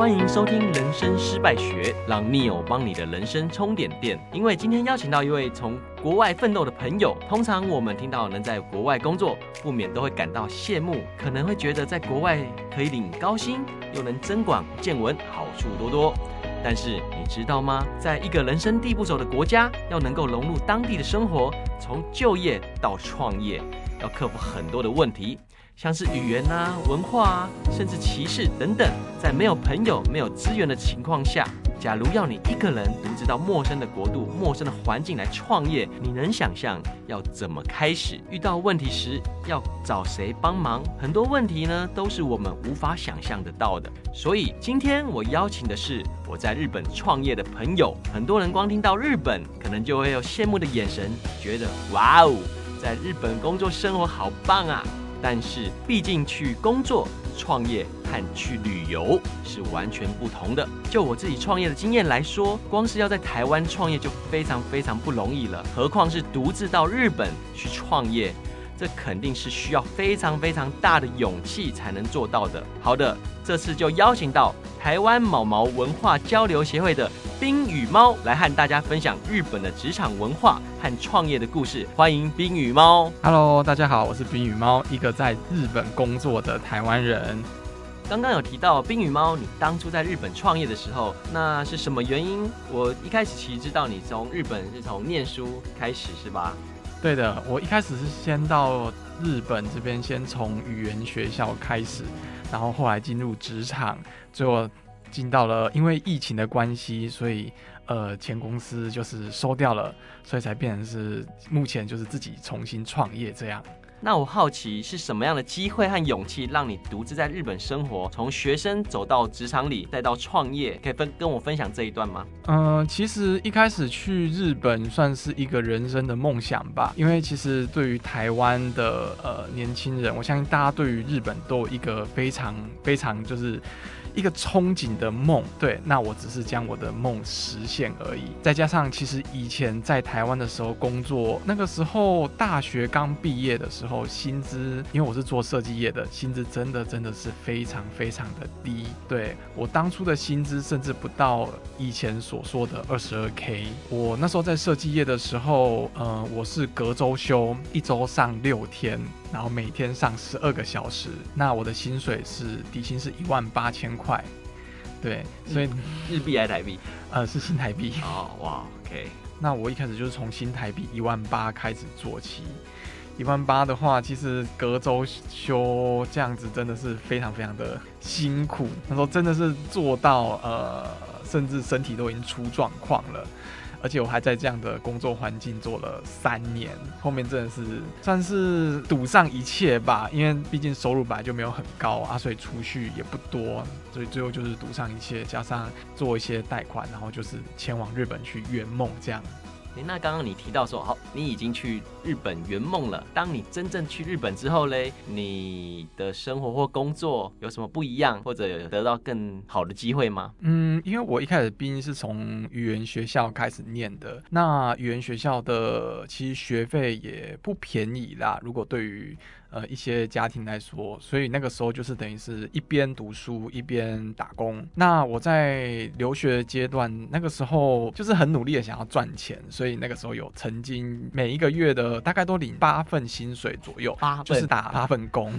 歡迎收聽《人生失敗學》，讓 Neo 幫你的人生充點電，電。因為今天邀請到一位從國外奮鬥的朋友。通常我們聽到能在國外工作，不免都會感到羨慕，可能會覺得在國外可以領高薪，又能增廣見聞，好處多多。但是你知道嗎？在一個人生地不熟的國家，要能夠融入當地的生活，從就業到創業，要克服很多的問題。像是語言啊、文化啊，甚至歧視等等，在沒有朋友、沒有資源的情況下，假如要你一個人獨自到陌生的國度、陌生的環境來創業，你能想象要怎麼開始？遇到問題時要找誰幫忙？很多問題呢都是我們無法想象得到的。所以今天我邀請的是我在日本創業的朋友。很多人光聽到日本，可能就會有羨慕的眼神，覺得哇哦，在日本工作生活好棒啊！但是，畢竟去工作、創業和去旅遊是完全不同的。就我自己創業的經驗來說，光是要在台灣創業就非常非常不容易了，何況是獨自到日本去創業。這肯定是需要非常非常大的勇氣才能做到的。好的，這次就邀請到台灣毛毛文化交流協會的冰羽貓來和大家分享日本的職場文化和創業的故事。歡迎冰羽貓。Hello，大家好，我是冰羽貓，一個在日本工作的台灣人。剛剛有提到冰羽貓，你當初在日本創業的時候，那是什麼原因？我一開始其實知道你從日本是從念書開始，是吧？對的，我一開始是先到日本這邊，先從語言學校開始，然後後來進入職場，最後進到了，因為疫情的關係，所以呃前公司就是收掉了，所以才變成是目前就是自己重新創業這樣。那我好奇是什麼樣的機會和勇氣，讓你獨自在日本生活，從學生走到職場裡，再到創業，可以分跟我分享這一段嗎？嗯、呃，其實一開始去日本算是一個人生的夢想吧，因為其實對於台灣的呃年輕人，我相信大家對於日本都有一個非常非常就是一個憧憬的夢。對，那我只是將我的夢實現而已。再加上其實以前在台灣的時候工作，那個時候大學剛畢業的時候。然後薪資，因為我是做設計業的，薪資真的真的是非常非常的低。對，我當初的薪資，甚至不到以前所說的二十二 K。我那時候在設計業的時候，嗯、呃，我是隔周休，一周上六天，然後每天上十二個小時。那我的薪水是底薪是一萬八千塊，對，所以日幣還是台幣？呃，是新台幣。哦，哇，OK。那我一開始就是從新台幣一萬八開始做起。一萬八的話，其實隔周休這樣子真的是非常非常的辛苦。那時候真的是做到呃，甚至身體都已經出狀況了，而且我還在這樣的工作環境做了三年。後面真的是算是賭上一切吧，因為畢竟收入本來就沒有很高啊，所以儲蓄也不多，所以最後就是賭上一切，加上做一些貸款，然後就是前往日本去圓夢這樣。哎、欸，那剛剛你提到說，好，你已經去日本圓夢了。當你真正去日本之後嘞，你的生活或工作有什麼不一樣，或者有得到更好的機會嗎？嗯，因為我一開始畢竟是從語言學校開始念的，那語言學校的其實學費也不便宜啦。如果對於呃，一些家庭來說，所以那個時候就是等於是一邊讀書一邊打工。那我在留學階段，那個時候就是很努力的想要賺錢，所以那個時候有曾經每一個月的大概都領八份薪水左右，八、啊、就是打八份工。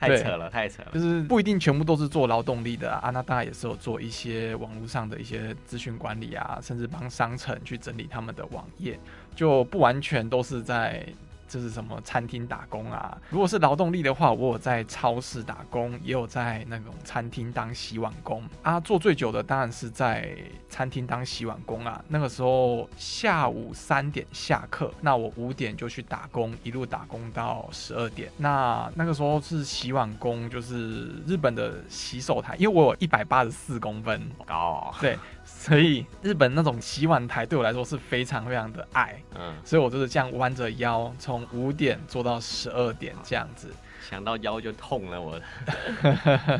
太，太扯了，太扯了，就是不一定全部都是做勞動力的啊。啊那當然也是有做一些網絡上的一些諮詢管理啊，甚至幫商城去整理他們的網頁，就不完全都是在。這是什麼餐廳打工啊？如果是勞動力的話，我有在超市打工，也有在那種餐廳當洗碗工啊。做最久的當然是在餐廳當洗碗工啊。那個時候下午三點下課，那我五點就去打工，一路打工到十二點。那那個時候是洗碗工，就是日本的洗手台，因為我有一百八十四公分哦，oh. 對，所以日本那種洗碗台對我來說是非常非常的矮，嗯，uh. 所以我就是這樣彎着腰從。五點做到十二點這樣子，想到腰就痛了我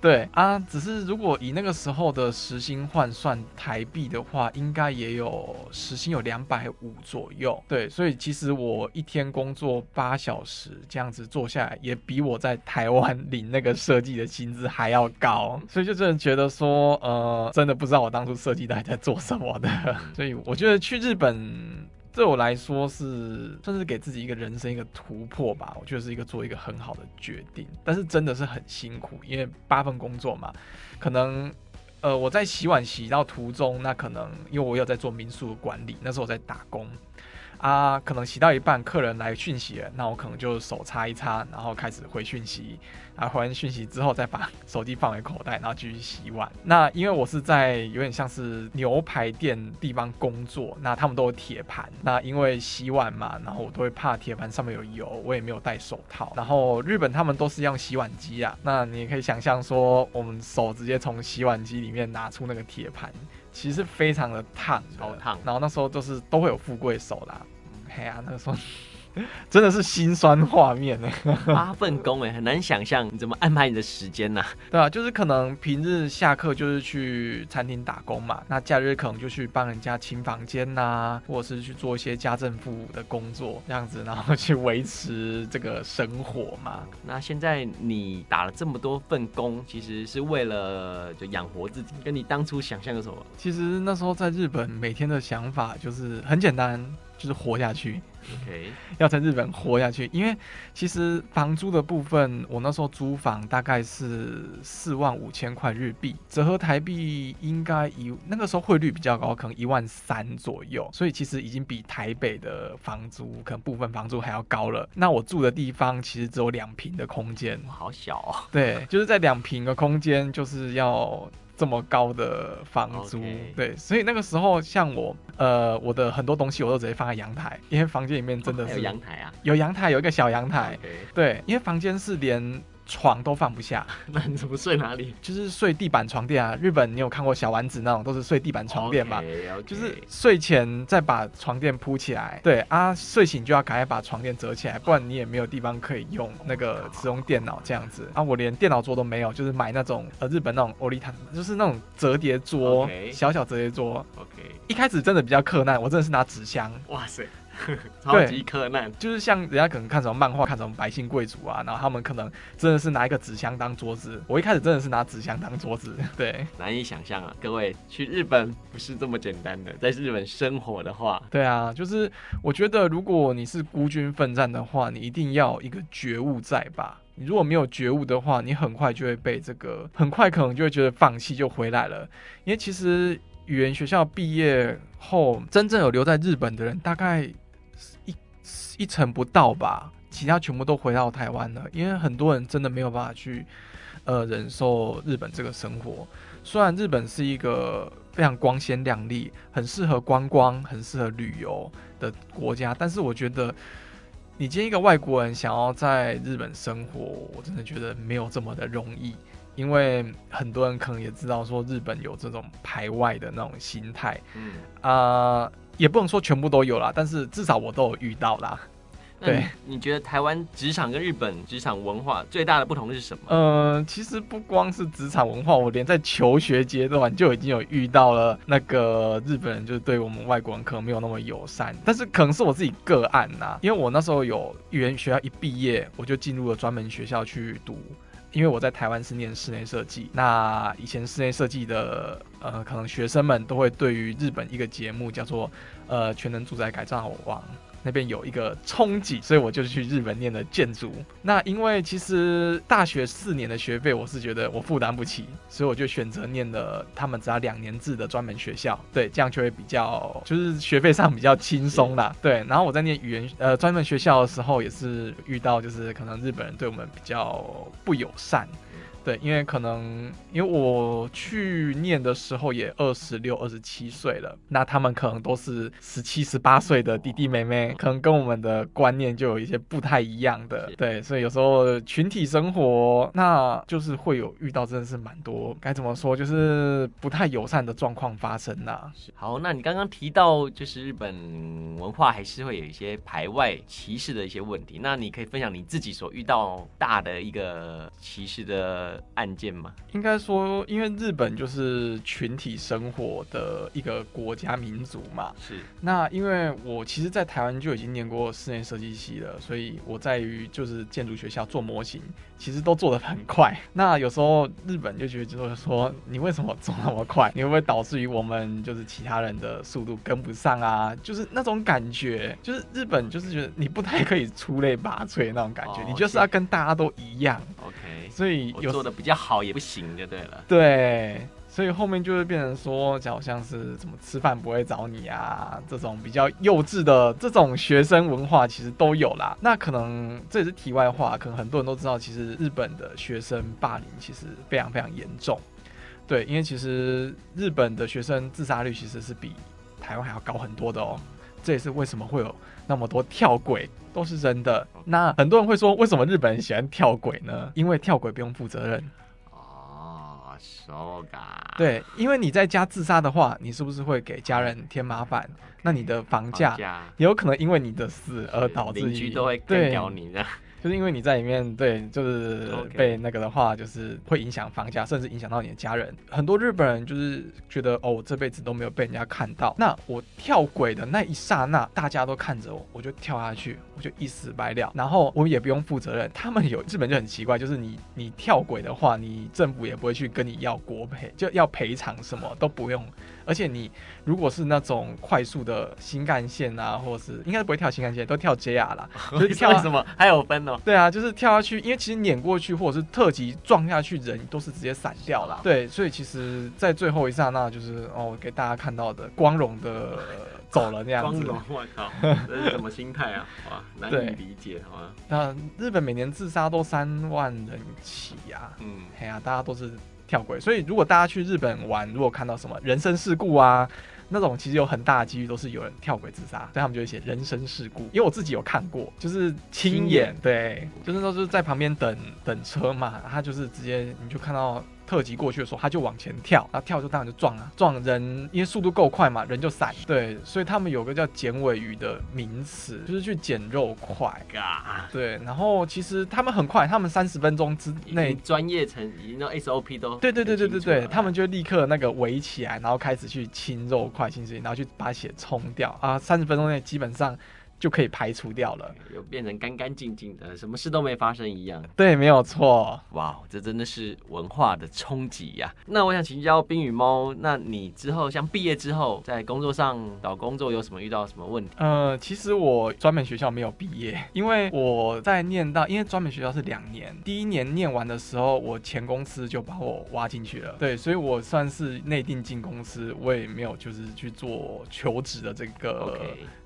對。對啊，只是如果以那個時候的時薪換算台幣的話，應該也有時薪有兩百五左右。對，所以其實我一天工作八小時這樣子做下來，也比我在台灣領那個設計的薪資還要高。所以就真的覺得說，呃，真的不知道我當初設計到底在做什麼的。所以我覺得去日本。對我來說是算是給自己一個人生一個突破吧，我覺得是一個做一個很好的決定，但是真的是很辛苦，因為八份工作嘛，可能呃我在洗碗洗到途中，那可能因為我有在做民宿的管理，那時候我在打工。啊，可能洗到一半，客人來訊息了，那我可能就手擦一擦，然後開始回訊息，啊，回完訊息之後，再把手機放回口袋，然後繼續洗碗。那因為我是在有點像是牛排店地方工作，那他們都有鐵盤，那因為洗碗嘛，然後我都會怕鐵盤上面有油，我也沒有戴手套。然後日本他們都是用洗碗機啊，那你也可以想象說，我們手直接從洗碗機裡面拿出那個鐵盤。其實非常的燙，超燙的。然後那時候就是都會有富貴手啦、啊，哎、嗯、呀、啊，那個時候。 真的是心酸畫面呢，八份工哎、欸，很難想象你怎麼安排你的時間吶？對啊，就是可能平日下課就是去餐廳打工嘛，那假日可能就去幫人家清房間吶、啊，或者是去做一些家政服務的工作，這樣子，然後去維持這個生活嘛。那現在你打了這麼多份工，其實是為了就養活自己，跟你當初想象的什麼？其實那時候在日本，每天的想法就是很簡單。就是活下去，OK，要在日本活下去，因為其實房租的部分，我那時候租房大概是四萬五千塊日幣，折合台幣應該一，那個時候匯率比較高，可能一萬三左右，所以其實已經比台北的房租可能部分房租還要高了。那我住的地方其實只有兩坪的空間，好小哦。對，就是在兩坪的空間，就是要。這麼高的房租，Okay. 對，所以那個時候像我，呃，我的很多東西我都直接放在陽台，因為房間裡面真的是有陽台，哦，還有陽台啊，有陽台，有一個小陽台，Okay. 對，因為房間是連。床都放不下， 那你怎麼睡哪裡？就是睡地板床墊啊。日本你有看過小丸子那種，都是睡地板床墊吧？Okay, okay. 就是睡前再把床墊鋪起來，對啊，睡醒就要趕快把床墊折起來，不然你也沒有地方可以用那個使用電腦這樣子，oh、my 啊。我連電腦桌都沒有，就是買那種呃日本那種歐力毯，就是那種折疊桌，Okay. 小小折疊桌。OK，一開始真的比較克難，我真的是拿紙箱，哇塞。 超級困科難，就是像人家可能看什麼漫畫，看什麼百姓貴族啊，然後他們可能真的是拿一個紙箱當桌子。我一開始真的是拿紙箱當桌子，對，難以想象啊。各位去日本不是這麼簡單的，在日本生活的話，對啊，就是我覺得如果你是孤軍奮戰的話，你一定要一個覺悟在吧。你如果沒有覺悟的話，你很快就會被這個，很快可能就會覺得放棄就回來了。因為其實語言學校畢業後，真正有留在日本的人，大概。一一成不到吧，其他全部都回到台灣了，因為很多人真的沒有辦法去，呃，忍受日本這個生活。雖然日本是一個非常光鮮亮麗、很適合觀光、很適合旅遊的國家，但是我覺得，你今天一個外國人想要在日本生活，我真的覺得沒有這麼的容易，因為很多人可能也知道說，日本有這種排外的那種心態，啊、嗯。呃也不能說全部都有啦，但是至少我都有遇到啦。對，你覺得台灣職場跟日本職場文化最大的不同是什麼？嗯，其實不光是職場文化，我連在求學階段就已經有遇到了那個日本人，就是對我們外國人可能沒有那麼友善。但是可能是我自己個案啦，因為我那時候有語言學校一畢業，我就進入了專門學校去讀。因為我在台灣是念室內設計，那以前室內設計的呃，可能學生們都會對於日本一個節目叫做呃《全能住宅改造王》，我忘了。那邊有一個憧憬，所以我就去日本念的建築。那因為其實大學四年的學費，我是覺得我負擔不起，所以我就選擇念了他們只要兩年制的專門學校。對，這樣就會比較，就是學費上比較輕鬆啦。對，然後我在念語言呃專門學校的時候，也是遇到就是可能日本人對我們比較不友善。對，因為可能因為我去念的時候也二十六、二十七歲了，那他們可能都是十七、十八歲的弟弟妹妹，可能跟我們的觀念就有一些不太一樣的。是對，所以有時候群體生活，那就是會有遇到真的是蠻多，該怎麼說，就是不太友善的狀況發生啦、啊。好，那你剛剛提到，就是日本文化還是會有一些排外、歧視的一些問題，那你可以分享你自己所遇到大的一個歧視的。案件嗎？應該說，因為日本就是群體生活的一個國家民族嘛。是。那因為我其實，在台灣就已經念過室內設計系了，所以我在於就是建築學校做模型。其實都做得很快，那有時候日本就覺得就是說，你為什麼做那麼快？你會不會導致於我們就是其他人的速度跟不上啊？就是那種感覺，就是日本就是覺得你不太可以出類拔萃那種感覺，哦 okay. 你就是要跟大家都一樣。OK，所以有做的比較好也不行，就對了。對。所以後面就會變成說，就好像是什麼吃飯不會找你啊，這種比較幼稚的這種學生文化其實都有啦。那可能這也是題外話，可能很多人都知道，其實日本的學生霸凌其實非常非常嚴重。對，因為其實日本的學生自殺率其實是比台灣還要高很多的哦。這也是為什麼會有那麼多跳軌，都是真的。那很多人會說，為什麼日本人喜歡跳軌呢？因為跳軌不用負責任。So 對，因為你在家自殺的話，你是不是會給家人添麻煩？Okay, 那你的房價也有可能因為你的死而導致你就是因為你在裡面，對，就是被那個的話，就是會影響房價，甚至影響到你的家人。很多日本人就是覺得，哦，我這輩子都沒有被人家看到。那我跳軌的那一剎那，大家都看着我，我就跳下去，我就一死百了，然後我也不用負責任。他們有日本就很奇怪，就是你你跳軌的話，你政府也不會去跟你要國賠，就要賠償什麼都不用。而且你如果是那種快速的新幹線啊，或者是應該不會跳新幹線，都跳 JR 啦，跳什麼？還有分哦？對啊，就是跳下去，因為其實碾過去或者是特急撞下去，人都是直接散掉了。辣對，所以其實在最後一剎那，就是哦，給大家看到的光榮的走了那樣子。光榮，我靠，這是什麼心態啊？ 哇，難以理解啊。那對哇日本每年自殺都三萬人起呀、啊？嗯，哎呀、啊，大家都是。跳軌，所以如果大家去日本玩，如果看到什麼人身事故啊，那種其實有很大的幾率都是有人跳軌自殺，所以他們就會寫人身事故。因為我自己有看過，就是親眼，親眼對，就是說就是在旁邊等等車嘛，他就是直接你就看到，特急過去的時候，他就往前跳，然後跳就當然就撞了，撞人，因為速度夠快嘛，人就散。對，所以他們，有個叫剪尾魚的名詞，就是去剪肉塊。對，然後其實他們很快，他們三十分鐘之內，專業成已經那 SOP 都對，對對對對對對，他們就立刻那個圍起來，然後開始去清肉塊，清水，然後去把血沖掉啊，三十分鐘內基本上。就可以排除掉了，又變成乾乾淨淨的，什麼事都沒發生一樣。對，沒有錯。哇，這真的是文化的衝擊呀。那我想請教冰羽貓，那你之後像畢業之後，在工作上找工作，有什麼遇到什麼問題？呃，其實我專門學校沒有畢業，因為我在念到，因為專門學校是兩年，第一年念完的時候，我前公司就把我挖進去了。對，所以我算是內定進公司，我也沒有就是去做求職的這個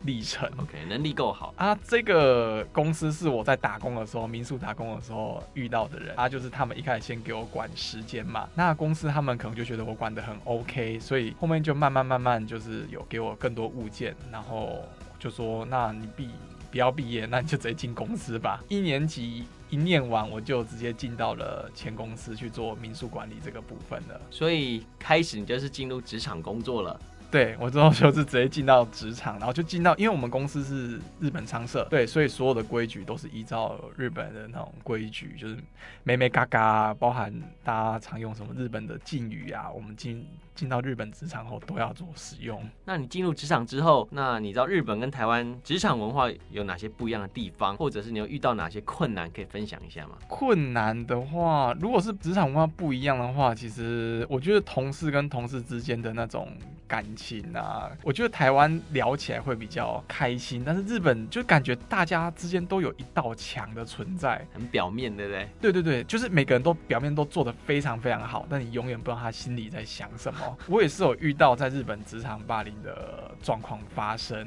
歷程。OK, okay. 力夠好啊！這個公司是我在打工的時候，民宿打工的時候遇到的人。啊。就是他們一開始先給我管時間嘛，那公司他們可能就覺得我管得很 OK，所以後面就慢慢慢慢就是有給我更多物件，然後就說：“那你畢不要畢業，那你就直接進公司吧。”一年級一念完，我就直接進到了前公司去做民宿管理這個部分了。所以開始你就是進入職場工作了。對，我之後就是直接進到職場，然後就進到，因為我們公司是日本商社，對，所以所有的規矩都是依照日本的那種規矩，就是美美嘎嘎，包含大家常用什麼日本的敬語啊，我們進進到日本職場後都要做使用。那你進入職場之後，那你知道日本跟台灣職場文化有哪些不一樣的地方，或者是你有遇到哪些困難可以分享一下嗎？困難的話，如果是職場文化不一樣的話，其實我覺得同事跟同事之間的那種。感情啊，我覺得台灣聊起來會比較開心，但是日本就感覺大家之間都有一道牆的存在，很表面的嘞，對不對？對對對，就是每個人都表面都做得非常非常好，但你永遠不知道他心裡在想什麼。 我也是有遇到在日本職場霸凌的狀況發生。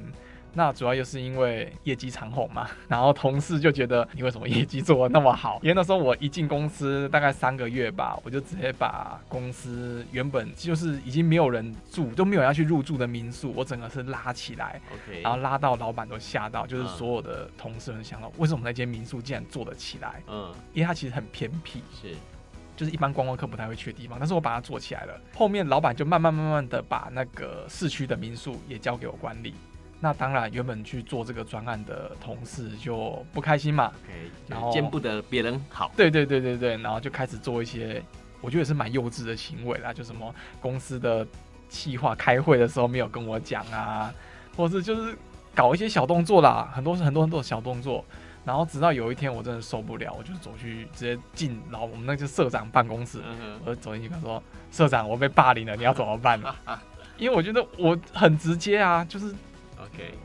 那主要就是因為業績長紅嘛，然後同事就覺得你為什麼業績做得那麼好？因為那時候我一進公司大概三個月吧，我就直接把公司原本就是已經沒有人住都沒有人要去入住的民宿，我整個是拉起來，OK。然後拉到老板都嚇到，就是所有的同事們想到為什麼那間民宿竟然做得起來？嗯，因為它其實很偏僻，是，就是一般觀光客不太會去的地方，但是我把它做起來了。後面老板就慢慢慢慢的把那個市區的民宿也交給我管理。那當然，原本去做這個專案的同事就不開心嘛。OK，然後見不得別人好。對對對對對，對，然後就開始做一些，我覺得也是蠻幼稚的行為啦，就什麼公司的企劃開會的時候沒有跟我講啊，或是就是搞一些小動作啦，很多很多很多小動作。然後直到有一天，我真的受不了，我就走去直接進，然後我們那些社長辦公室，我就走進去，跟他說：“社長，我被霸凌了，你要怎麼辦呢？”因為我覺得我很直接啊，就是。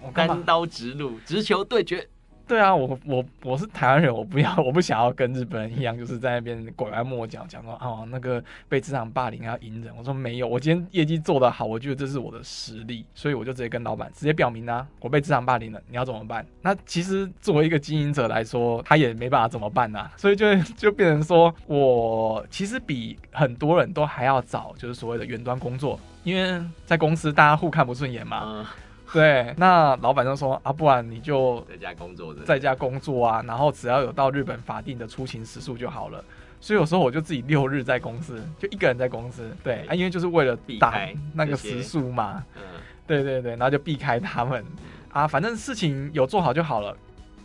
我 Okay, 單刀直入，直球對決。嗯、對啊，我我我是台灣人，我不要，我不想要跟日本人一樣，就是在那邊拐彎抹角，講說啊、哦、那個被職場霸凌啊，隱忍。我說沒有，我今天業績做得好，我覺得這是我的實力，所以我就直接跟老闆直接表明啊，我被職場霸凌了，你要怎麼辦？那其實作為一個經營者來說，他也沒辦法怎麼辦啊。所以就就變成說我其實比很多人都還要早，就是所謂的遠端工作，因為在公司大家互看不順眼嘛。Uh 對，那老板就說啊，不然你就在家工作，在家工作啊，然後只要有到日本法定的出勤時數，就好了。所以有時候我就自己六日在公司，就一個人在公司。對，對啊，因為就是為了避開那個時數嘛。嗯。對對對，然後就避開他們啊，反正事情有做好就好了。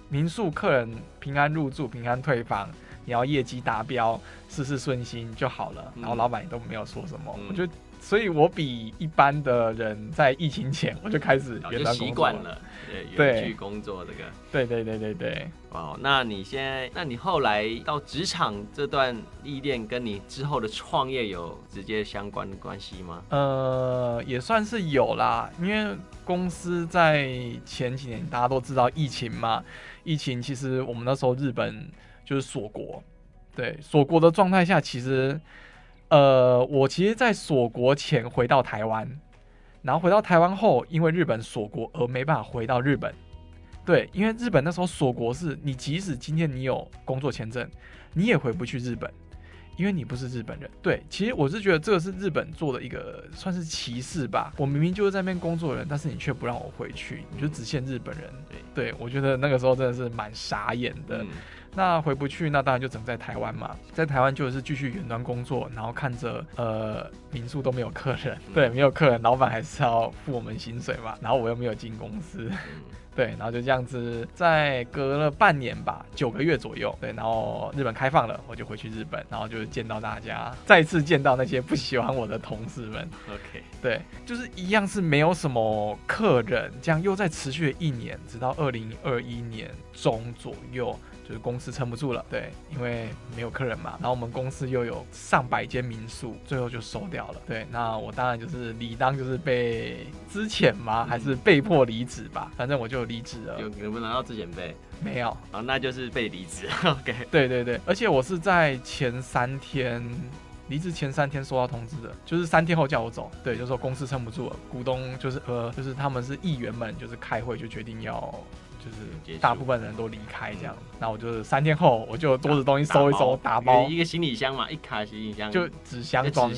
民宿客人平安入住、平安退房，你要業績達標，事事順心就好了。然後老板也都沒有說什麼，嗯嗯、我覺得。所以我比一般的人在疫情前我就開始比較習慣了，對，遠距工作這個，對，對對對對對。哦，wow, 那你現在，那你後來到職場這段歷練，跟你之後的創業有直接相關的關係嗎？呃，也算是有啦，因為公司在前幾年大家都知道疫情嘛，疫情其實我們那時候日本就是鎖國，對，鎖國的狀態下其實。呃，我其實，在鎖國前回到台灣，然後回到台灣後，因為日本鎖國而沒辦法回到日本。對，因為日本那時候鎖國是你，即使今天你有工作簽證，你也回不去日本，因為你不是日本人。對，其實我是覺得這個是日本做的一個算是歧視吧。我明明就是在那邊工作的人，但是你卻不讓我回去，你就只限日本人。對，嗯、對，我覺得那個時候真的是蠻傻眼的。嗯。那回不去，那當然就只能在台灣嘛，在台灣就是繼續遠端工作，然後看着呃民宿都沒有客人，對，沒有客人，老板還是要付我們薪水嘛，然後我又沒有進公司。 對，然後就這樣子，再隔了半年吧，九個月左右。對，然後日本開放了，我就回去日本，然後就見到大家，再次見到那些不喜歡我的同事們。OK，對，就是一樣是沒有什麼客人，這樣又再持續了一年，直到二零二一年中左右，就是公司撐不住了。對，因為沒有客人嘛，然後我們公司又有上百間民宿，最後就收掉了。對，那我當然就是理當就是被資遣嘛，還是被迫離職吧，反正我就。離職了，有，能不能拿到資遣費？沒有啊，那就是被離職。OK，對對對，而且我是在前三天，離職前三天收到通知的，就是三天後叫我走。對，就說公司撐不住了，股東就是呃就是他們是議員們就是開會就決定要就是大部分人都離開這樣。那束、嗯、我就是三天後，我就桌子東西收一收，打包,打包一個行李箱嘛，一卡行李箱，就紙箱裝，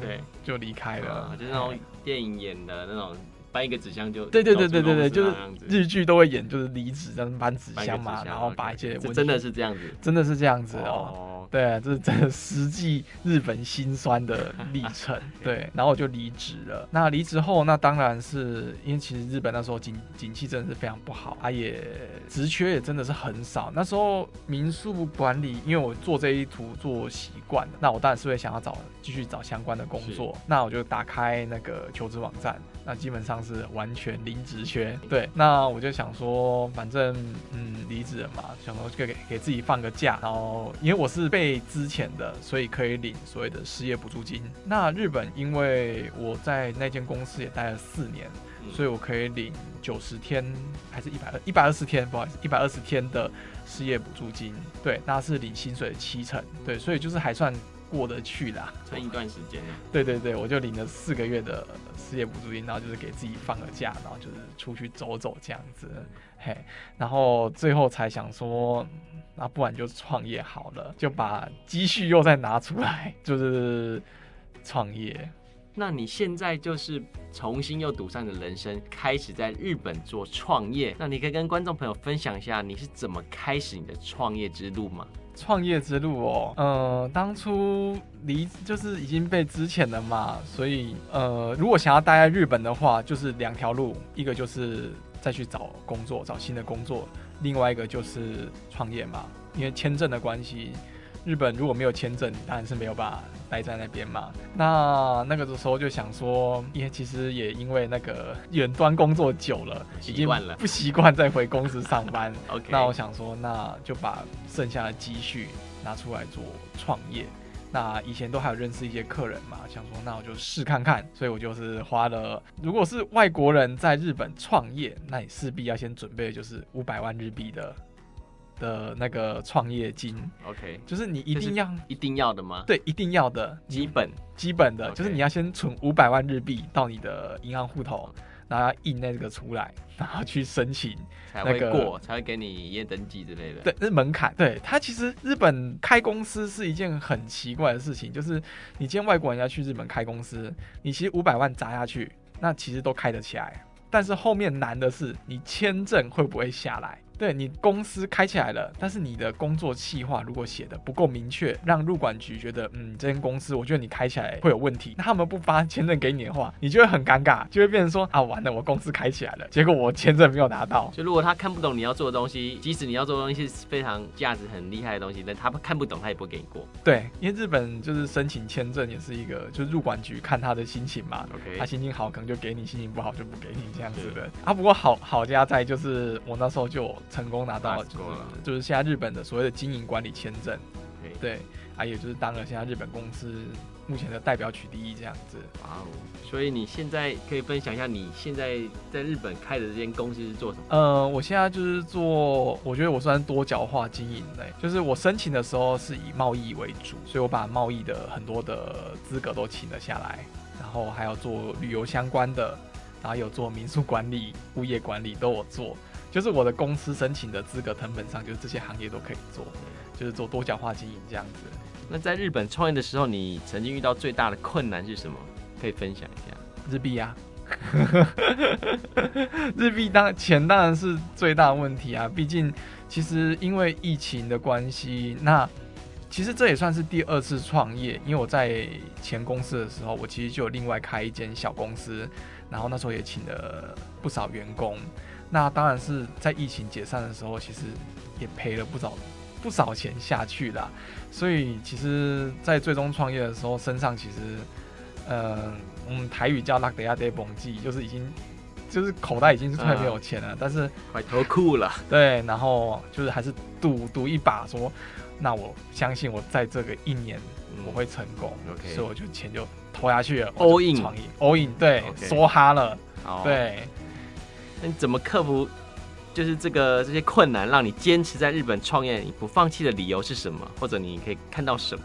對，就離開了、嗯，就是那種電影演的那種。搬一個紙箱就對對對對對對，就是日劇都會演，就是離職，這樣搬紙箱嘛，箱，然後把一些 OK, 我真的是這樣子，真的是這樣子哦。哦對、啊，這是真的實際日本辛酸的歷程。對，然後我就離職了。那離職後，那當然是因為其實日本那時候景景氣真的是非常不好，啊也職缺也真的是很少。那時候民宿管理，因為我做這一途做習慣了，那我當然是會想要找繼續找相關的工作。是那我就打開那個求職網站，那基本上是完全零職缺。對，那我就想說，反正嗯離職了嘛，想說給給給自己放個假。然後因為我是被被資遣的，所以可以領所謂的失業補助金。那日本，因為我在那間公司也待了四年，所以我可以領九十天還是一百二一百二十天，不好意思，一百二十天的失業補助金。對，那是領薪水的七成。對，所以就是還算。過得去啦，存一段時間。對對對，我就領了四個月的失業補助金，然後就是給自己放個假，然後就是出去走走這樣子，嘿。然後最後才想說，那不然就創業好了，就把積蓄又再拿出來，就是創業。那你現在就是重新又賭上的人生，開始在日本做創業。那你可以跟觀眾朋友分享一下，你是怎麼開始你的創業之路嗎？創業之路哦，呃，當初離就是已經被資遣了嘛，所以呃，如果想要待在日本的話，就是兩條路，一個就是再去找工作，找新的工作，另外一個就是創業嘛，因為簽證的關係。日本如果沒有簽證，當然是沒有辦法待在那邊嘛。那那個的時候就想說，也其實也因為那個遠端工作久了，不習慣了，已經不習慣再回公司上班。 Okay. 那我想說，那就把剩下的積蓄拿出來做創業。那以前都還有認識一些客人嘛，想說那我就試看看。所以我就是花了，如果是外國人在日本創業，那你勢必要先準備就是五百萬日幣的。的那個創業金，OK，就是你一定要一定要的嗎？對，一定要的，基本基本的，Okay. 就是你要先存五百萬日幣到你的銀行戶頭，然後要印那個出來，然後去申請、那個、才會過，那個、才會給你營業登記之類的。對，那是門檻。對，他其實日本開公司是一件很奇怪的事情，就是你見外國人要去日本開公司，你其實五百萬砸下去，那其實都開得起來，但是後面難的是你簽證會不會下來。對，你公司開起來了，但是你的工作企劃如果寫得不夠明確，讓入管局覺得嗯，這間公司我覺得你開起來會有問題。那他們不發簽證給你的話，你就會很尷尬，就會變成說啊，完了，我公司開起來了，結果我簽證沒有拿到。就如果他看不懂你要做的東西，即使你要做的東西是非常價值很厲害的東西，但他看不懂他也不會給你過。對，因為日本就是申請簽證也是一個，就是入管局看他的心情嘛。OK，他心情好可能就給你，心情不好就不給你這樣子的 Okay. 啊。不過好好家在就是我那時候就。成功拿到就是，就是現在日本的所謂的經營管理簽證，對，還有、啊、就是當了現在日本公司目前的代表取締役這樣子。哦，wow, okay. 所以你現在可以分享一下你現在在日本開的這間公司是做什麼？呃，我現在就是做，我覺得我算多角化經營類、欸，就是我申請的時候是以貿易為主，所以我把貿易的很多的資格都請了下來，然後還有做旅遊相關的，然後有做民宿管理、物業管理都我做。就是我的公司申請的資格，基本上就是這些行業都可以做，就是做多角化經營這樣子。那在日本創業的時候，你曾經遇到最大的困難是什麼？可以分享一下。日幣幣啊， 日幣，當然錢當然是最大的問題啊。畢竟其實因為疫情的關係，那其實這也算是第二次創業，因為我在前公司的時候，我其實就有另外開一間小公司，然後那時候也請了不少員工。那當然是在疫情解散的時候，其實也賠了不少不少錢下去了，啊。所以其實，在最終創業的時候，身上其實，嗯，我們台語叫“拉得亞得崩記”，就是已經就是口袋已經是快沒有錢了，但是快脫褲了。對，然後就是還是賭賭一把，說那我相信我在這個一年我會成功，所以我就錢就投下去了。All in，all in，對，梭哈了，對。那你怎麼克服？就是這個這些困難，讓你堅持在日本創業，你不放棄的理由是什麼？或者你可以看到什麼？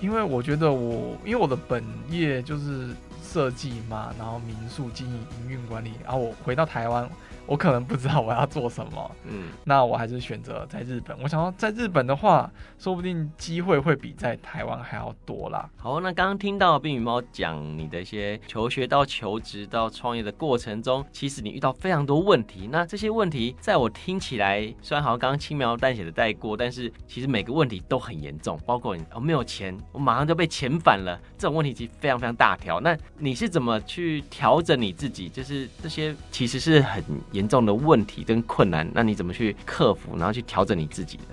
因為我覺得我，因為我的本業就是設計嘛，然後民宿經營、營運管理，然後，啊，我回到台灣。我可能不知道我要做什麼，嗯，那我還是選擇在日本。我想說在日本的話，說不定機會會比在台灣還要多啦。好，那剛剛聽到冰羽貓講你的一些求學到求職到創業的過程中，其實你遇到非常多問題。那這些問題，在我聽起來，雖然好像剛剛輕描淡寫的帶過，但是其實每個問題都很嚴重，包括我沒有錢，我馬上就被遣返了，這種問題其實非常非常大條。那你是怎麼去調整你自己？就是這些其實是很。嚴重的問題跟困難，那你怎麼去克服，然後去調整你自己的？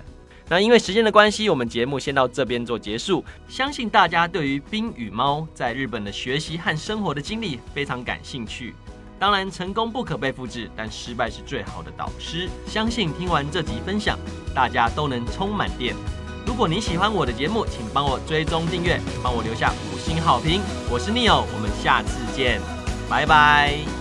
那因為時間的關係，我們節目先到這邊做結束。相信大家對於冰羽貓在日本的學習和生活的經歷非常感興趣。當然，成功不可被複製，但失敗是最好的導師。相信聽完這集分享，大家都能充滿電。如果你喜歡我的節目，請幫我追蹤訂閱，幫我留下五星好評。我是 Neo，我們下次見，拜拜。